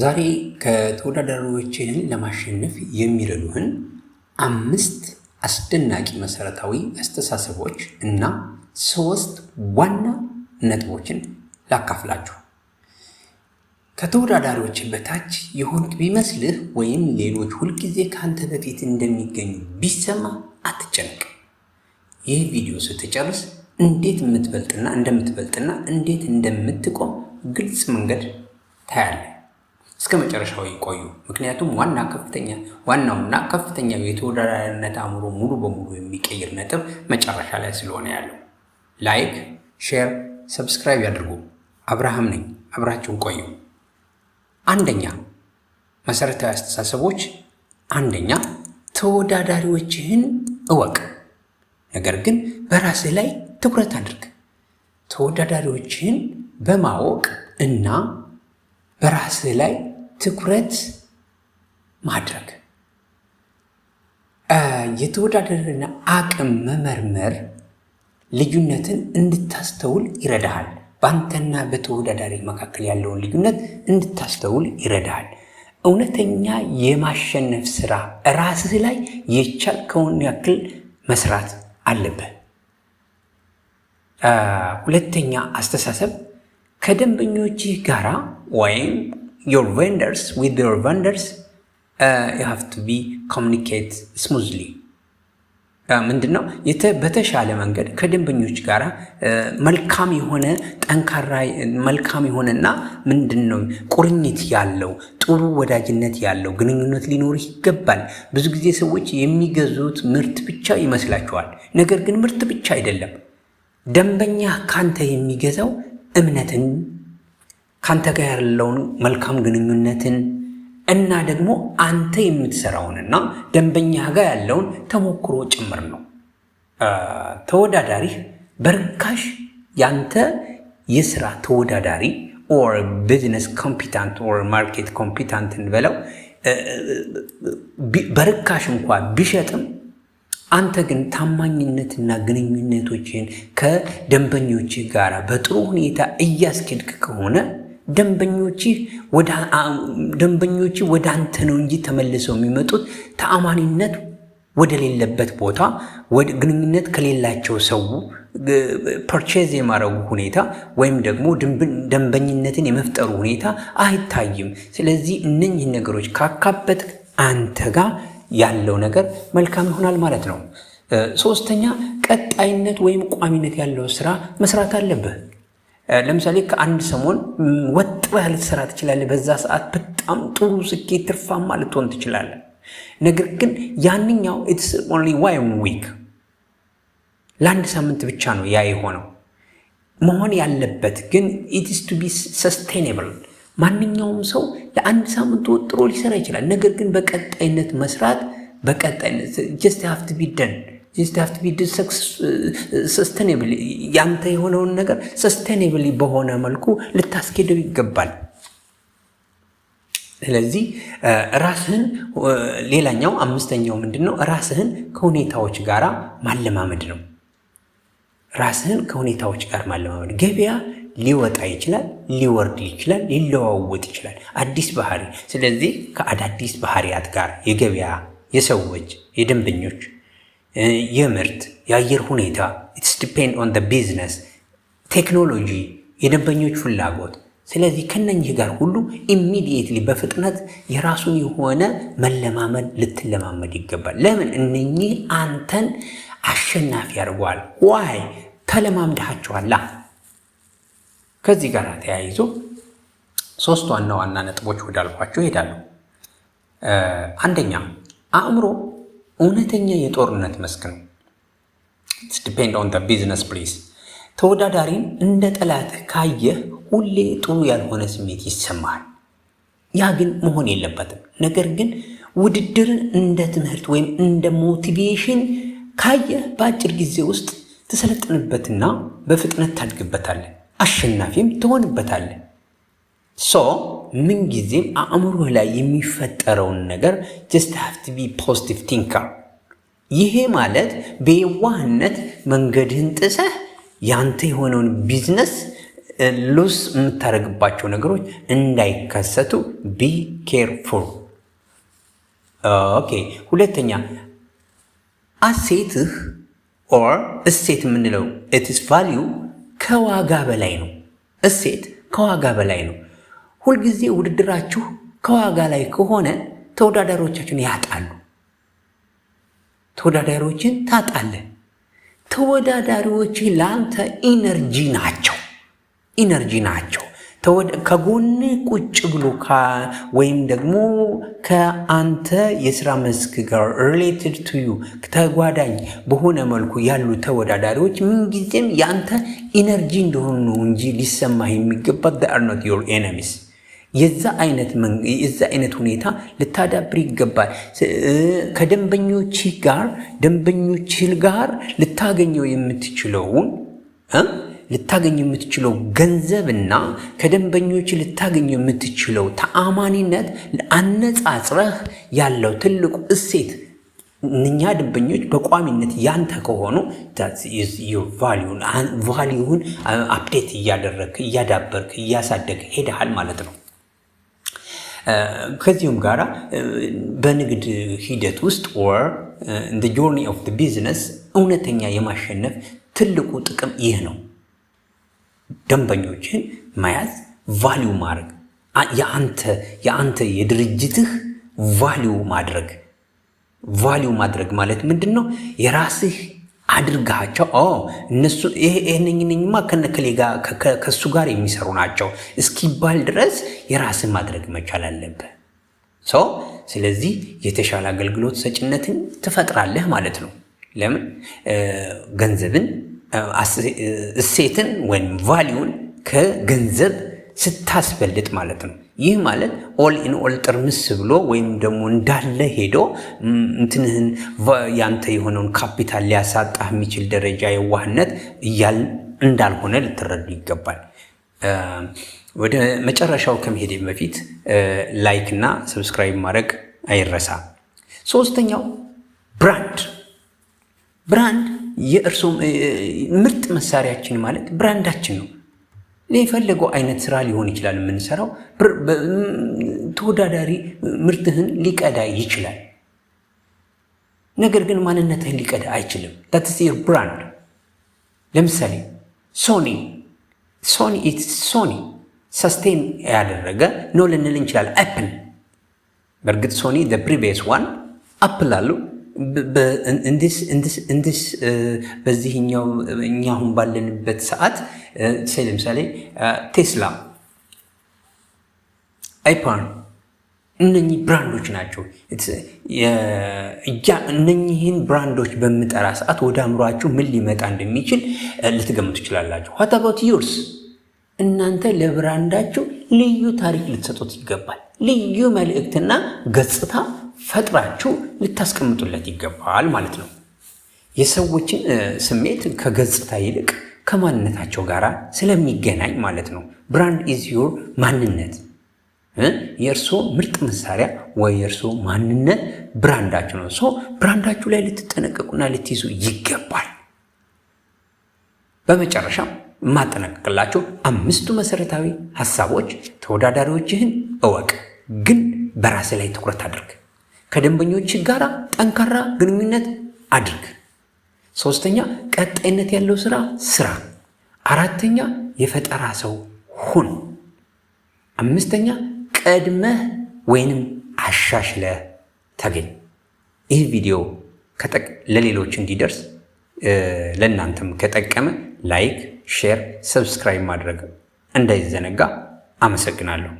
ዛሬ ከተወዳዳሪዎችህን ለማሸነፍ የሚረዱህን አምስት አስደናቂ መሰረታዊ አስተሳሰቦች እና ሶስት ዋና ነጥቦችን ላካፍላችሁ። ከተወዳዳሪዎች በታች የሆንክ ቢመስልህ ወይም ሌሎች ሁልጊዜ ከአንተ በፊት እንደሚገኙ ቢሰማ አትጨነቅ። ይህ ቪዲዮ ስትጨርስ እንዴት የምትበልጥና እንደምትበልጥና እንዴት እንደምትቆም ግልጽ መንገድ ታያለህ። እስከ መጨረሻው ይቆዩ። ምክንያቱም ዋና ከፍተኛ ዋናውና ከፍተኛው የተወዳዳሪነት አእምሮ ሙሉ በሙሉ የሚቀይር ነጥብ መጨረሻ ላይ ስለሆነ ያለው። ላይክ፣ ሼር፣ ሰብስክራይብ ያድርጉ። አብርሃም ነኝ። አብራችሁን ቆዩ። አንደኛ መሰረታዊ አስተሳሰቦች። አንደኛ ተወዳዳሪዎችህን እወቅ፣ ነገር ግን በራስህ ላይ ትኩረት አድርግ። ተወዳዳሪዎችህን በማወቅ እና በራስህ ላይ ትኩረት ማድረግ የተወዳደርን አቅም መመርመር ልዩነትን እንድታስተውል ይረዳሃል። በአንተና በተወዳዳሪ መካከል ያለውን ልዩነት እንድታስተውል ይረዳሃል። እውነተኛ የማሸነፍ ስራ ራስህ ላይ የቻልከውን ያክል መስራት አለብህ። ሁለተኛ አስተሳሰብ ከደንበኞችህ ጋራ ወይም your vendors, with your vendors, uh, you have to be communicate smoothly uh, ምንድነው በተሻለ መንገድ ከደንበኞች ጋር uh, መልካም የሆነ ጠንካራ መልካም የሆነና ምንድነው ቁርኝት ያለው ጥሩ ወዳጅነት ያለው ግንኙነት ሊኖር ይገባል። ብዙ ጊዜ ሰዎች የሚገዙት ምርት ብቻ ይመስላቸዋል። ነገር ግን ምርት ብቻ አይደለም። ደንበኛ ካንተ የሚገዛው እምነትን ካንተ ጋር ያለውን መልካም ግንኙነትን እና ደግሞ አንተ የምትሰራውንና ደንበኛ ጋር ያለውን ተሞክሮ ጭምር ነው። ተወዳዳሪህ በርካሽ ያንተ የስራ ተወዳዳሪ ኦር ቢዝነስ ኮምፒታንት ኦር ማርኬት ኮምፒታንት እንበለው በርካሽ እንኳ ቢሸጥም አንተ ግን ታማኝነትና ግንኙነቶችን ከደንበኞች ጋር በጥሩ ሁኔታ እያስኬድክ ከሆነ ደንበኞች ወደ አንተ ነው እንጂ ተመልሰው የሚመጡት ተአማኒነት ወደሌለበት ቦታ ግንኙነት ከሌላቸው ሰው ፐርቼዝ የማድረጉ ሁኔታ ወይም ደግሞ ደንበኝነትን የመፍጠሩ ሁኔታ አይታይም። ስለዚህ እነኝህን ነገሮች ካካበት አንተ ጋር ያለው ነገር መልካም ይሆናል ማለት ነው። ሶስተኛ ቀጣይነት ወይም ቋሚነት ያለው ስራ መስራት አለብህ። ለምሳሌ ከአንድ ሰሞን ወጥ ብለህ ልትሰራ ትችላለህ። በዛ ሰዓት በጣም ጥሩ ስኬት፣ ትርፋማ ልትሆን ትችላለህ። ነገር ግን ያንኛው ኢትስ ኦንሊ ዋን ዊክ ለአንድ ሳምንት ብቻ ነው ያ የሆነው። መሆን ያለበት ግን ኢትስ ቱ ቢ ማንኛውም ሰው ለአንድ ሳምንት ወጥሮ ሊሰራ ይችላል። ነገር ግን በቀጣይነት መስራት በቀጣይነት ጀስት ሀፍት ቢደን ደን ሀፍት ቢ ሰስተኔብል ያንተ የሆነውን ነገር ሰስተኔብል በሆነ መልኩ ልታስኬደው ይገባል። ስለዚህ ራስህን ሌላኛው አምስተኛው ምንድን ነው? ራስህን ከሁኔታዎች ጋር ማለማመድ ነው። ራስህን ከሁኔታዎች ጋር ማለማመድ ገበያ ሊወጣ ይችላል፣ ሊወርድ ይችላል፣ ሊለዋወጥ ይችላል። አዲስ ባህሪ። ስለዚህ ከአዳዲስ ባህሪያት ጋር የገበያ የሰዎች የደንበኞች የምርት የአየር ሁኔታ ኢትስ ዲፔንድ ኦን ቢዝነስ፣ ቴክኖሎጂ፣ የደንበኞች ፍላጎት። ስለዚህ ከነኝህ ጋር ሁሉ ኢሚዲየትሊ በፍጥነት የራሱን የሆነ መለማመድ ልትለማመድ ይገባል። ለምን እነኚህ አንተን አሸናፊ ያደርገዋል። ዋይ ተለማምድሃቸዋላ። ከዚህ ጋር ተያይዞ ሶስት ዋና ዋና ነጥቦች ወዳልኳቸው ይሄዳሉ። አንደኛ አእምሮ እውነተኛ የጦርነት መስክ ነው። ዲፔንድ ኦን ቢዝነስ ፕሌስ። ተወዳዳሪን እንደ ጠላት ካየህ ሁሌ ጥሩ ያልሆነ ስሜት ይሰማሃል። ያ ግን መሆን የለበትም። ነገር ግን ውድድርን እንደ ትምህርት ወይም እንደ ሞቲቬሽን ካየህ በአጭር ጊዜ ውስጥ ትሰለጥንበትና በፍጥነት ታድግበታለህ፣ አሸናፊም ትሆንበታለህ። ሶ ምንጊዜም አእምሮህ ላይ የሚፈጠረውን ነገር ጀስት ሃቭ ቱ ቢ ፖዚቲቭ ቲንከር። ይሄ ማለት በየዋህነት መንገድህን ጥሰህ ያንተ የሆነውን ቢዝነስ ሉስ የምታደርግባቸው ነገሮች እንዳይከሰቱ ቢ ኬርፉል። ኦኬ። ሁለተኛ አሴትህ ኦር እሴት የምንለው ኢትስ ቫሊዩ ከዋጋ በላይ ነው። እሴት ከዋጋ በላይ ነው። ሁልጊዜ ውድድራችሁ ከዋጋ ላይ ከሆነ ተወዳዳሪዎቻችሁን ያጣሉ። ተወዳዳሪዎችን ታጣለ ተወዳዳሪዎች ለአንተ ኢነርጂ ናቸው፣ ኢነርጂ ናቸው። ከጎን ቁጭ ብሎ ወይም ደግሞ ከአንተ የስራ መስክ ጋር ሪሌትድ ቱዩ ተጓዳኝ በሆነ መልኩ ያሉ ተወዳዳሪዎች ምንጊዜም የአንተ ኢነርጂ እንደሆኑ ነው እንጂ ሊሰማህ የሚገባ ኖት ዮር ኤነሚስ የዛ አይነት የዛ አይነት ሁኔታ ልታዳብር ይገባል። ከደንበኞች ጋር ደንበኞች ጋር ልታገኘው የምትችለውን ልታገኘው የምትችለው ገንዘብና ከደንበኞች ልታገኘው የምትችለው ተአማኒነት አነጻጽረህ ያለው ትልቁ እሴት እኛ ደንበኞች በቋሚነት ያንተ ከሆኑ ቫሊዩን አፕዴት እያደረግክ እያዳበርክ እያሳደግ ሄደሃል ማለት ነው። ከዚሁም ጋራ በንግድ ሂደት ውስጥ ወር እንደ ጆርኒ ኦፍ ቢዝነስ እውነተኛ የማሸነፍ ትልቁ ጥቅም ይህ ነው። ደንበኞችን መያዝ፣ ቫሊው ማድረግ፣ የአንተ የድርጅትህ ቫሊው ማድረግ ቫሊው ማድረግ ማለት ምንድን ነው? የራስህ አድርጋቸው እነሱ ይህንኝንኝማ ከነከሌ ጋር ከእሱ ጋር የሚሰሩ ናቸው እስኪባል ድረስ የራስን ማድረግ መቻል አለብህ። ሶ ስለዚህ የተሻለ አገልግሎት ሰጭነትን ትፈጥራለህ ማለት ነው። ለምን ገንዘብን እሴትን ወይም ቫሊዩን ከገንዘብ ስታስበልጥ ማለት ነው። ይህ ማለት ኦል ኢን ኦል ጥርምስ ብሎ ወይም ደግሞ እንዳለ ሄዶ እንትንህን ያንተ የሆነውን ካፒታል ሊያሳጣህ የሚችል ደረጃ የዋህነት እያል እንዳልሆነ ልትረዱ ይገባል። ወደ መጨረሻው ከመሄድ በፊት ላይክ እና ሰብስክራይብ ማድረግ አይረሳ። ሶስተኛው ብራንድ ብራንድ የእርሶ ምርጥ መሳሪያችን ማለት ብራንዳችን ነው። የፈለገው አይነት ስራ ሊሆን ይችላል የምንሰራው። ተወዳዳሪ ምርትህን ሊቀዳ ይችላል፣ ነገር ግን ማንነትህን ሊቀዳ አይችልም። ታትስ ብራንድ። ለምሳሌ ሶኒ ሶኒ ሶኒ ሰስቴን ያደረገ ነው ልንል እንችላል። አፕል በእርግጥ ሶኒ ፕሪቪየስ ዋን አፕል አሉ እንዲስ በዚህኛው እኛ አሁን ባለንበት ሰዓት ለምሳሌ ቴስላ፣ አይፓን እነኚህ ብራንዶች ናቸው። እነኚህን ብራንዶች በምጠራ ሰዓት ወደ አእምሯችሁ ምን ሊመጣ እንደሚችል ልትገምቱ ትችላላችሁ። ሀታባት ዩርስ እናንተ ለብራንዳችሁ ልዩ ታሪክ ልትሰጡት ይገባል። ልዩ መልእክትና ገጽታ ፈጥራችሁ ልታስቀምጡለት ይገባል ማለት ነው። የሰዎችን ስሜት ከገጽታ ይልቅ ከማንነታቸው ጋር ስለሚገናኝ ማለት ነው። ብራንድ ኢዝ ዮር ማንነት። የእርስዎ ምርጥ መሳሪያ ወይ የእርስዎ ማንነት ብራንዳችሁ ነው። ሶ ብራንዳችሁ ላይ ልትጠነቀቁና ልትይዙ ይገባል። በመጨረሻም የማጠናቀቅላቸው አምስቱ መሰረታዊ ሀሳቦች፣ ተወዳዳሪዎችህን እወቅ፣ ግን በራስህ ላይ ትኩረት አድርግ። ከደንበኞች ጋር ጠንካራ ግንኙነት አድርግ። ሶስተኛ ቀጣይነት ያለው ስራ ስራ። አራተኛ የፈጠራ ሰው ሁን። አምስተኛ ቀድመህ ወይንም አሻሽለህ ተገኝ። ይህ ቪዲዮ ለሌሎች እንዲደርስ ለእናንተም ከጠቀመ ላይክ፣ ሼር፣ ሰብስክራይብ ማድረግ እንዳይዘነጋ። አመሰግናለሁ።